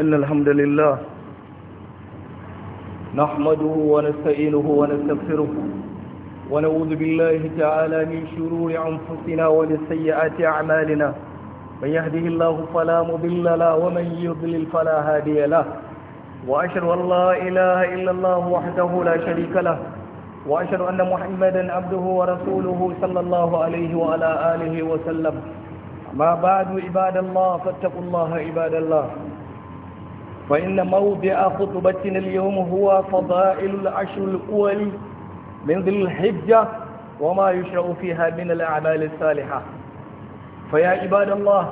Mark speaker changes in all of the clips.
Speaker 1: إن الحمد لله نحمده ونستعينه ونستغفره ونعوذ بالله تعالى من شرور أنفسنا ومن سيئات أعمالنا من يهده الله فلا مضل له ومن يضلل فلا هادي له وأشهد أن لا إله إلا الله وحده لا شريك له وأشهد أن محمدا عبده ورسوله صلى الله عليه وعلى آله وسلم ما بعد عباد الله فاتقوا الله عباد الله فإن موضع خطبتنا اليوم هو فضائل العشر الأول من ذي الحجة وما يشرع فيها من الأعمال الصالحة فيا عباد الله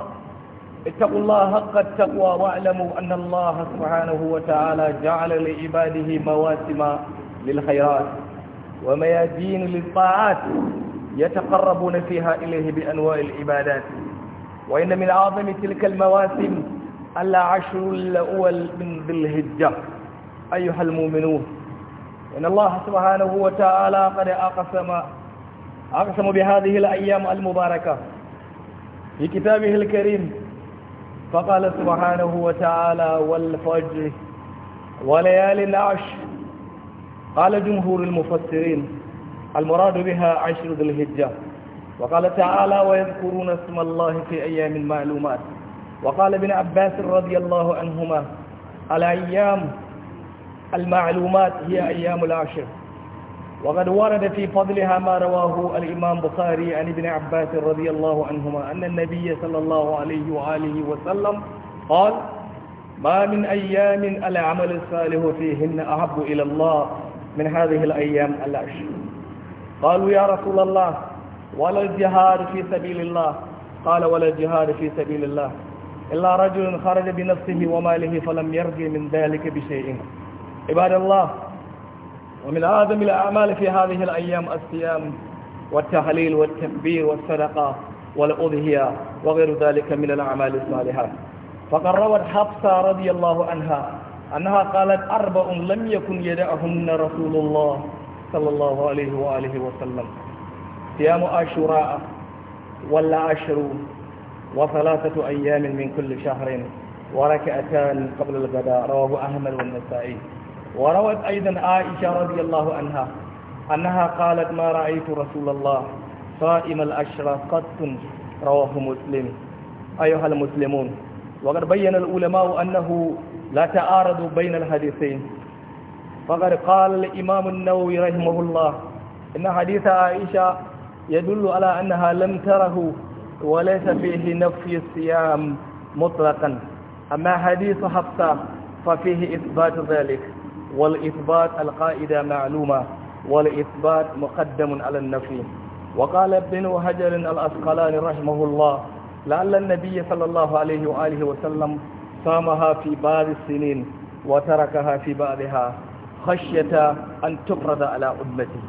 Speaker 1: اتقوا الله حق التقوى واعلموا أن الله سبحانه وتعالى جعل لعباده مواسم للخيرات وميادين للطاعات يتقربون فيها إليه بأنواع العبادات وإن من أعظم تلك المواسم العشر الأول من ذي الهجة أيها المؤمنون إن الله سبحانه وتعالى قد أقسم أقسم بهذه الأيام المباركة في كتابه الكريم فقال سبحانه وتعالى والفجر وليالي العشر قال جمهور المفسرين المراد بها عشر ذي الهجة وقال تعالى ويذكرون اسم الله في أيام معلومات وقال ابن عباس رضي الله عنهما الأيام المعلومات هي أيام العشر وقد ورد في فضلها ما رواه الإمام بخاري عن ابن عباس رضي الله عنهما أن النبي صلى الله عليه وآله وسلم قال ما من أيام العمل الصالح فيهن أحب إلى الله من هذه الأيام العشر قالوا يا رسول الله ولا الجهاد في سبيل الله قال ولا الجهاد في سبيل الله إلا رجل خرج بنفسه وماله فلم يرجع من ذلك بشيء عباد الله ومن أعظم الأعمال في هذه الأيام الصيام والتهليل والتكبير والصدقة والأضهية وغير ذلك من الأعمال الصالحة فقد روت حفصة رضي الله عنها أنها قالت أربع لم يكن يدعهن رسول الله صلى الله عليه وآله وسلم صيام عاشوراء ولا وثلاثة أيام من كل شهر وركعتان قبل الغداء رواه أحمد والنسائي وروت أيضا عائشة رضي الله عنها أنها قالت ما رأيت رسول الله صائم الأشرى قط رواه مسلم أيها المسلمون وقد بين العلماء أنه لا تعارض بين الحديثين فقد قال الإمام النووي رحمه الله إن حديث عائشة يدل على أنها لم تره وليس فيه نفي الصيام مطلقا أما حديث حفصة ففيه إثبات ذلك والإثبات القائدة معلومة والإثبات مقدم على النفي وقال ابن هجر الأسقلاني رحمه الله لعل النبي صلى الله عليه وآله وسلم صامها في بعض السنين وتركها في بعضها خشية أن تفرض على أمته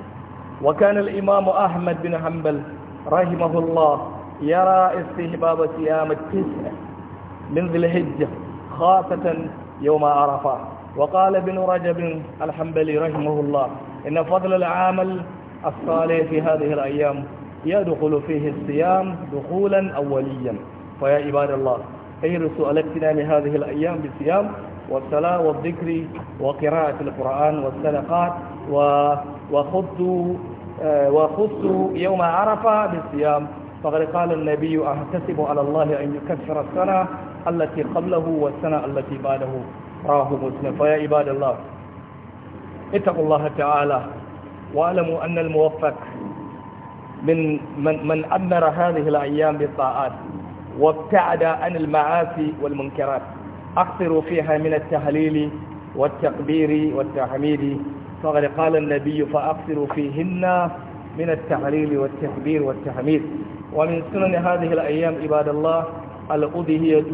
Speaker 1: وكان الإمام أحمد بن حنبل رحمه الله يرى استهباب صيام التسع من ذي الحجة خاصة يوم عرفة وقال ابن رجب الحنبلي رحمه الله إن فضل العمل الصالح في هذه الأيام يدخل فيه الصيام دخولا أوليا فيا عباد الله اهرسوا على اقتنام هذه الأيام بالصيام والصلاة والذكر وقراءة القرآن والصدقات وخذوا آه، وخصوا يوم عرفة بالصيام فقد قال النبي أحتسب على الله أن يكفر السنة التي قبله والسنة التي بعده راه مسلم فيا عباد الله اتقوا الله تعالى واعلموا أن الموفق من من من أمر هذه الأيام بالطاعات وابتعد عن المعاصي والمنكرات أكثروا فيها من التهليل والتقبير والتحميد فقد قال النبي فأكثروا فيهن من التعليل والتكبير والتحميد ومن سنن هذه الأيام عباد الله الأضهية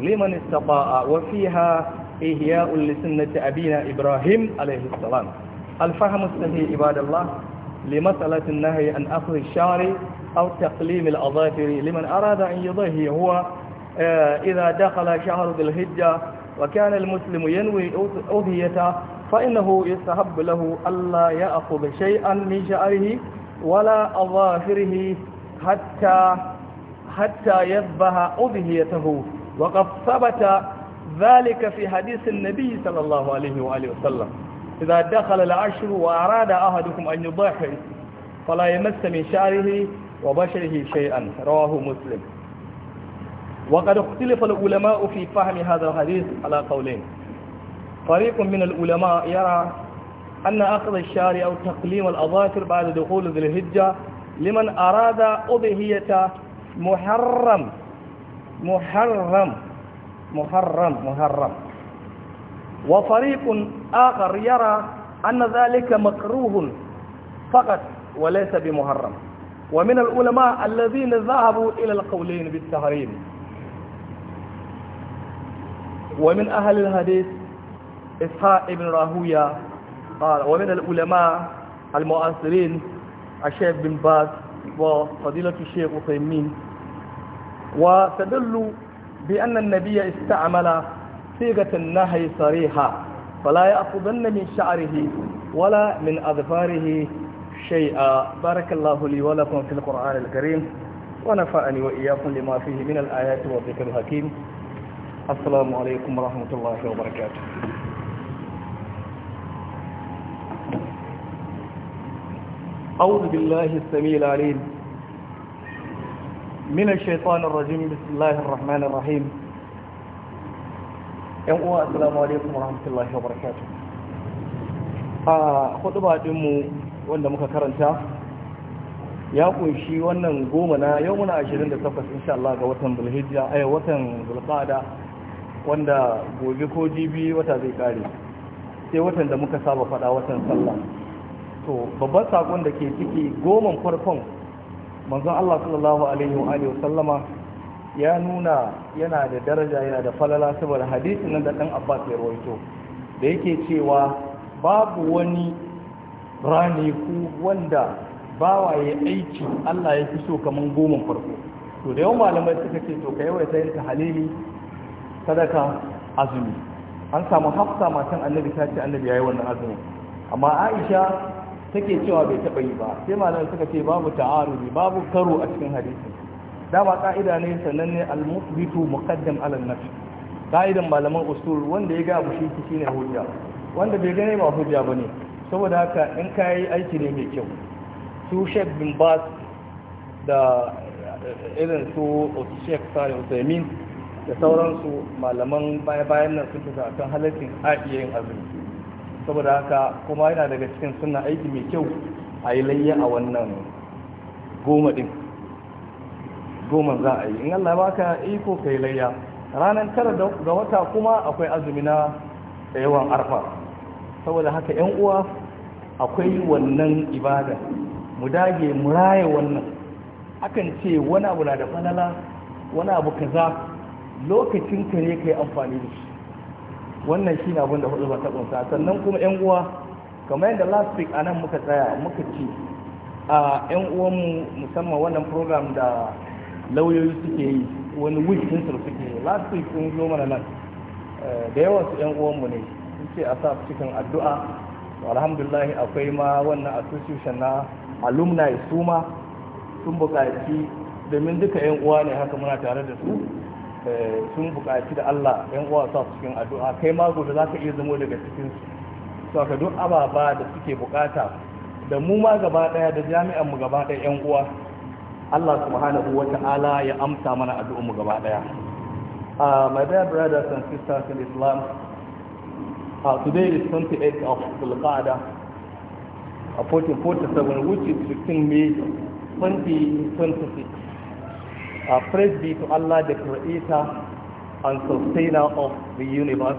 Speaker 1: لمن استطاع وفيها إهياء لسنة أبينا إبراهيم عليه السلام الفهم السهي عباد الله لمسألة النهي عن أخذ الشعر أو تقليم الأظافر لمن أراد أن يضهي هو آه، إذا دخل شهر ذي الهجة وكان المسلم ينوي أضهيته فإنه يستحب له ألا يأخذ شيئا من شعره ولا أظافره حتى حتى يذبح أضهيته وقد ثبت ذلك في حديث النبي صلى الله عليه وآله وسلم إذا دخل العشر وأراد أحدكم أن يضحي فلا يمس من شعره وبشره شيئا رواه مسلم وقد اختلف العلماء في فهم هذا الحديث على قولين فريق من العلماء يرى أن أخذ الشارع أو تقليم الأظافر بعد دخول ذي الهجة لمن أراد أضهية محرم محرم محرم محرم وفريق آخر يرى أن ذلك مكروه فقط وليس بمحرم ومن العلماء الذين ذهبوا إلى القولين بالتحريم ومن أهل الحديث إسحاق بن راهوية قال ومن العلماء المعاصرين الشيخ بن باز وفضيلة الشيخ عثيمين وتدل بأن النبي استعمل صيغة النهي صريحة فلا يأخذن من شعره ولا من أظفاره شيئا بارك الله لي ولكم في القرآن الكريم ونفعني وإياكم لما فيه من الآيات والذكر الحكيم السلام عليكم ورحمة الله وبركاته أعوذ بالله السميع العليم من الشيطان الرجيم بسم الله الرحمن الرحيم ‘yan uwa assalamu alaikum warahmatullahi wabarakatuh a hudu baɗinmu wanda muka karanta ya kunshi wannan goma na yau muna 28 insha Allah ga watan bulhijja ai watan zulqada wanda gobe ko jibi wata zai kare sai watan da muka saba fada watan sallah to babban sakon da ke ciki goman farkon manzon Allah sallallahu alaihi wa alihi sallama ya nuna yana da daraja yana da falala saboda hadisi nan da dan Abbas ya rawaito da yake cewa babu wani rani ku wanda bawa ya aiki Allah ya fi so kaman goman farko to da yawan malamai suka ce to wai sai ka halili sadaka azumi an samu hafsa matan annabi ta ce annabi yayi wannan azumi, amma Aisha take cewa bai taɓa yi ba sai malamai suka ce babu ta'arudi babu karo a cikin hadisi dama ka'ida ne sannan ne al-mufbitu muqaddam ala an-nafi ka'idan malaman usul wanda ya ga abu shi shine hujja wanda bai gane ba hujja bane saboda haka in kai aiki ne mai kyau su Sheikh bin Bas da irin su Sheikh Salih Usaimin da sauransu malaman baya-bayan nan sun tafi akan halaccin a iya yin azumi saboda haka kuma yana daga cikin suna aiki mai kyau a yi layya a wannan goma din goma za a yi in allah ba baka iko ka yi layya ranar tara ga wata kuma akwai azumi na yawan arfa saboda haka yan uwa akwai wannan ibada mu dage mu raye wannan akan ce wani abu na da falala wani abu kaza lokacin ka ne ka yi amfani da shi wannan shi abin da hudu ba ta kunsa sannan kuma yan uwa kamar yadda last week anan muka tsaya muka ci a yan uwanmu musamman wannan program da lauyoyi suke yi wani week din su suke yi last week sun zo mana nan eh, da yawan su yan uwanmu ne sun ce a sa cikin addu'a alhamdulillah akwai ma wannan association na alumni su ma sun buƙaci domin duka yan uwa ne haka muna tare da su Eh, sun buƙaci da Allah yan uwa sa cikin addu'a kai ma gobe za ka iya zamo daga cikin su saka duk ababa da suke buƙata da mu ma gaba ɗaya da jami'an mu gaba ɗaya yan uwa Allah subhanahu wa ta'ala ya amsa mana addu'un mu gaba ɗaya ah, my dear brothers and sisters in Islam uh, today is 28 of Dhul-Qa'dah uh, 1447 which is 15 May 2026 Uh, praise be to Allah, the creator and sustainer of the universe.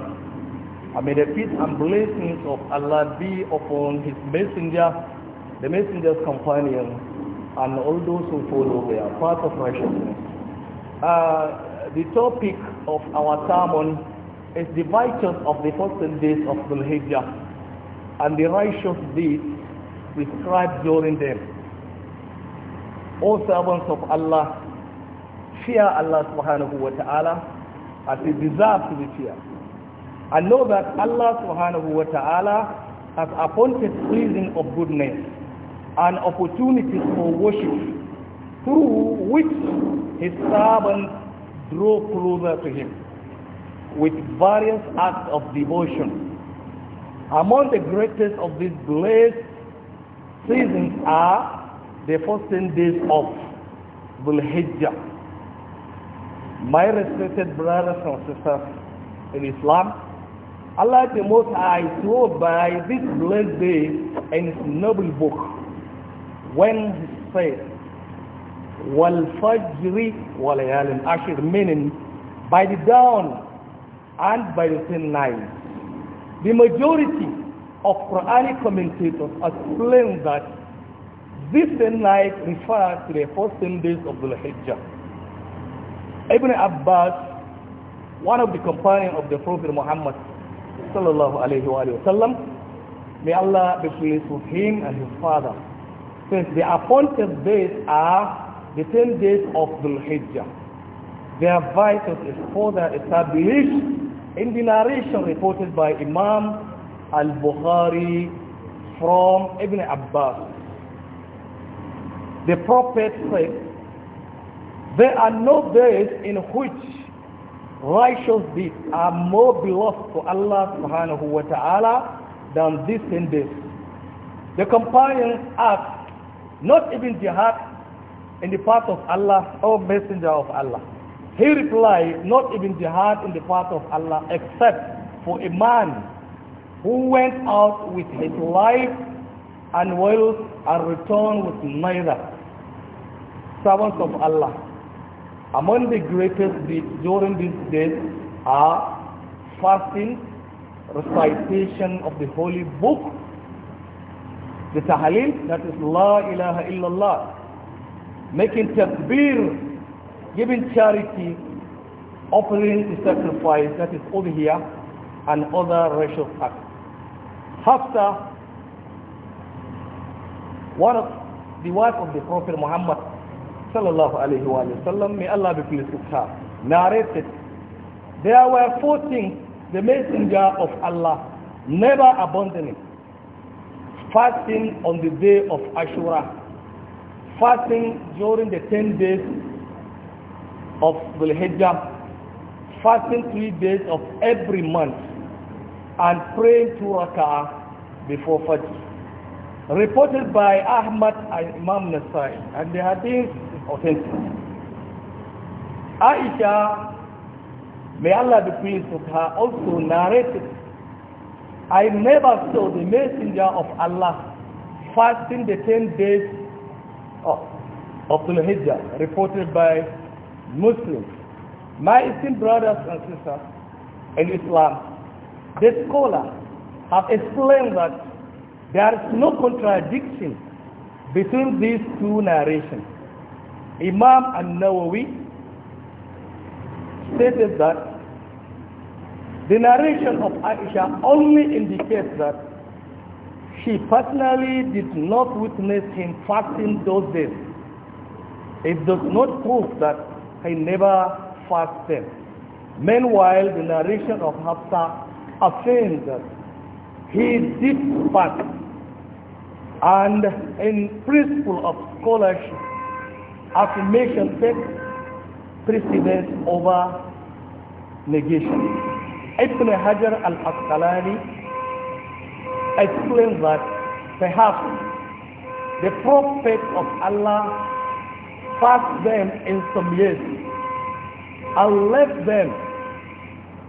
Speaker 1: And may the peace and blessings of Allah be upon his messenger, the messenger's companion, and all those who follow their path of righteousness. Uh, the topic of our sermon is the virtues of the 14 days of the Hijjah and the righteous deeds prescribed during them. All servants of Allah, fear Allah subhanahu wa ta'ala as He deserves to be feared. And know that Allah subhanahu wa ta'ala has appointed seasons of goodness and opportunities for worship through which his servants draw closer to him with various acts of devotion. Among the greatest of these blessed seasons are the first 10 days of Dhul Hijjah my respected brothers and sisters in Islam, Allah the Most High swore by this blessed day and His noble book when He said, وَالْفَجْرِ وَلَيَالٍ Ashir, meaning by the dawn and by the same night. The majority of Quranic commentators explain that this night refers to the first 10 days of the Hijjah Ibn Abbas, one of the companions of the Prophet Muhammad sallallahu alayhi wa sallam, may Allah be pleased with him and his father, since the appointed days are the 10 days of Dhul Hijjah. Their vital is further established in the narration reported by Imam al-Bukhari from Ibn Abbas. The Prophet said, there are no days in which righteous deeds are more beloved to Allah subhanahu wa ta'ala than these ten days. The companions asked, not even jihad in the path of Allah or messenger of Allah. He replied, not even jihad in the path of Allah except for a man who went out with his life and wealth and returned with neither. Servants of Allah, among the greatest deeds during these days are fasting, recitation of the holy book, the tahaleel, that is La ilaha illallah, making takbir, giving charity, offering the sacrifice, that is over here, and other racial acts. Hafsa, one of the wife of the Prophet Muhammad sallallahu alaihi wa sallam, may Allah be pleased with her, narrated, there were four things the messenger of Allah never abandoning. Fasting on the day of Ashura, fasting during the 10 days of the Hijjah, fasting three days of every month, and praying to rak'ah before Fajr. Reported by Ahmad and Imam Nasai, and the hadith authentic Aisha may Allah be pleased with her also narrated I never saw the messenger of Allah fasting the 10 days of the Hijjah reported by Muslims my esteemed brothers and sisters in Islam the scholars have explained that there is no contradiction between these two narrations Imam An-Nawawi stated that the narration of Aisha only indicates that she personally did not witness him fasting those days. It does not prove that he never fasted. Meanwhile, the narration of Hafsa affirms that he did fast. And in principle of scholarship, affirmation takes precedence over negation. Ibn Hajar al-Asqalani explains that perhaps the Prophet of Allah passed them in some years and left them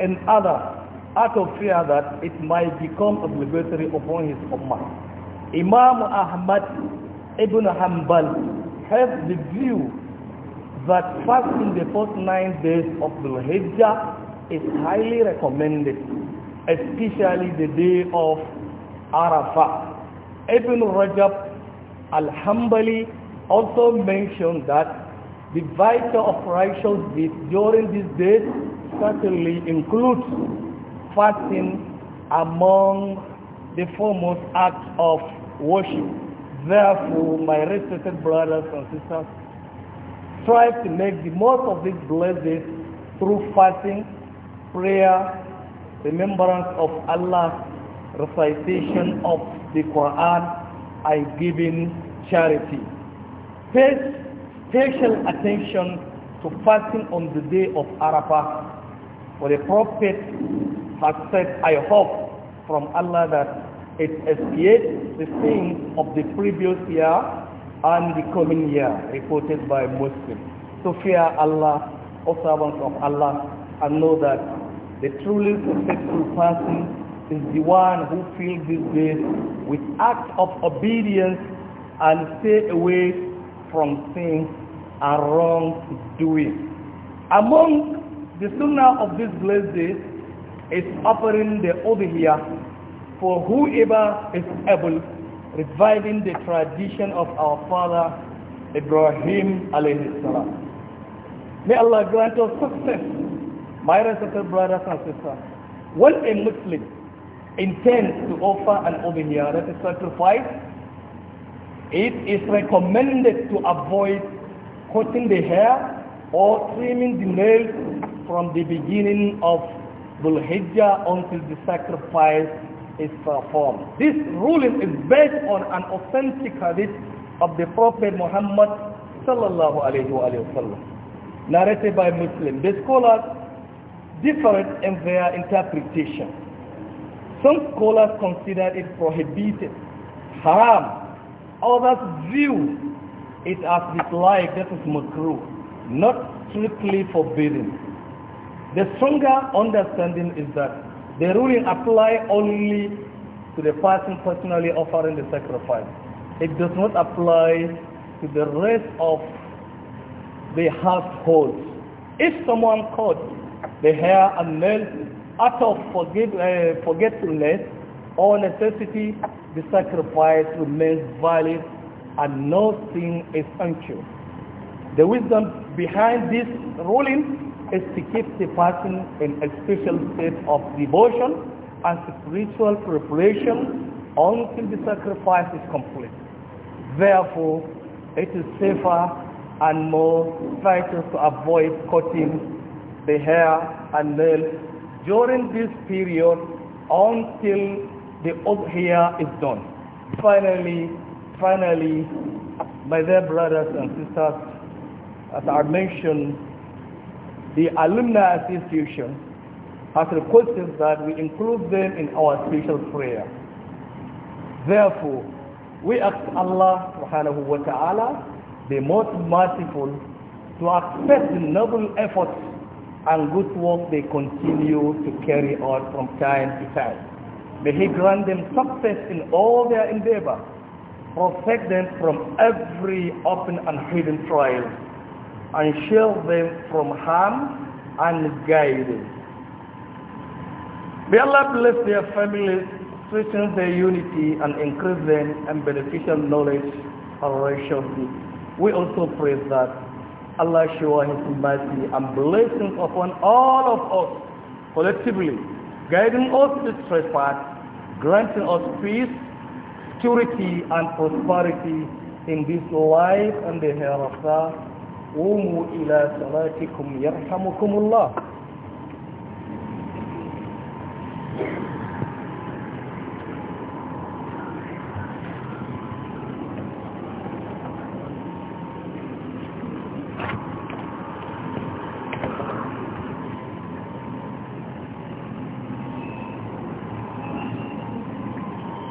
Speaker 1: in other out of fear that it might become obligatory upon his ummah. Imam Ahmad ibn Hanbal have the view that fasting the first nine days of the Hijjah is highly recommended, especially the day of Arafah. Ibn Rajab al-Hambali also mentioned that the vital of righteous deeds during these days certainly includes fasting among the foremost acts of worship. Therefore, my respected brothers and sisters, strive to make the most of these blessings through fasting, prayer, remembrance of Allah, recitation of the Quran, and giving charity. Pay special attention to fasting on the day of Arafah, for the Prophet has said, I hope from Allah that it expiates the sins of the previous year and the coming year reported by Muslims. So fear Allah, O servants of Allah, and know that the truly successful person is the one who fills these days with acts of obedience and stay away from sins and wrong doing. Among the sunnah of this blessed day is offering the udhiyah for whoever is able, reviving the tradition of our father Ibrahim alayhi salam. May Allah grant us success, my respected brothers and sisters. When a Muslim intends to offer an obihya, that is sacrifice, it is recommended to avoid cutting the hair or trimming the nails from the beginning of Dhul Hijjah until the sacrifice is performed. This ruling is based on an authentic hadith of the Prophet Muhammad sallallahu alayhi wa sallam, narrated by Muslim. The scholars differ in their interpretation. Some scholars consider it prohibited, haram. Others view it as disliked, that is makruh, not strictly forbidden. The stronger understanding is that the ruling apply only to the person personally offering the sacrifice. It does not apply to the rest of the household. If someone cuts the hair and nails out of uh, forgetfulness or necessity, the sacrifice remains valid and no sin is incurred. The wisdom behind this ruling is to keep the person in a special state of devotion and spiritual preparation until the sacrifice is complete. Therefore, it is safer and more vital to avoid cutting the hair and nails during this period until the hair is done. Finally, finally, my dear brothers and sisters, as I mentioned, the Alumni Association has requested that we include them in our special prayer. Therefore, we ask Allah subhanahu wa ta'ala, the most merciful, to accept the noble efforts and good work they continue to carry out from time to time. May He grant them success in all their endeavor, protect them from every open and hidden trial, and shield them from harm and guide them. May Allah bless their families, strengthen their unity and increase them in beneficial knowledge and righteousness. We also pray that Allah show His mercy and blessings upon all of us collectively, guiding us to the straight path, granting us peace, security and prosperity in this life and the hereafter. قوموا إلى صلاتكم يرحمكم الله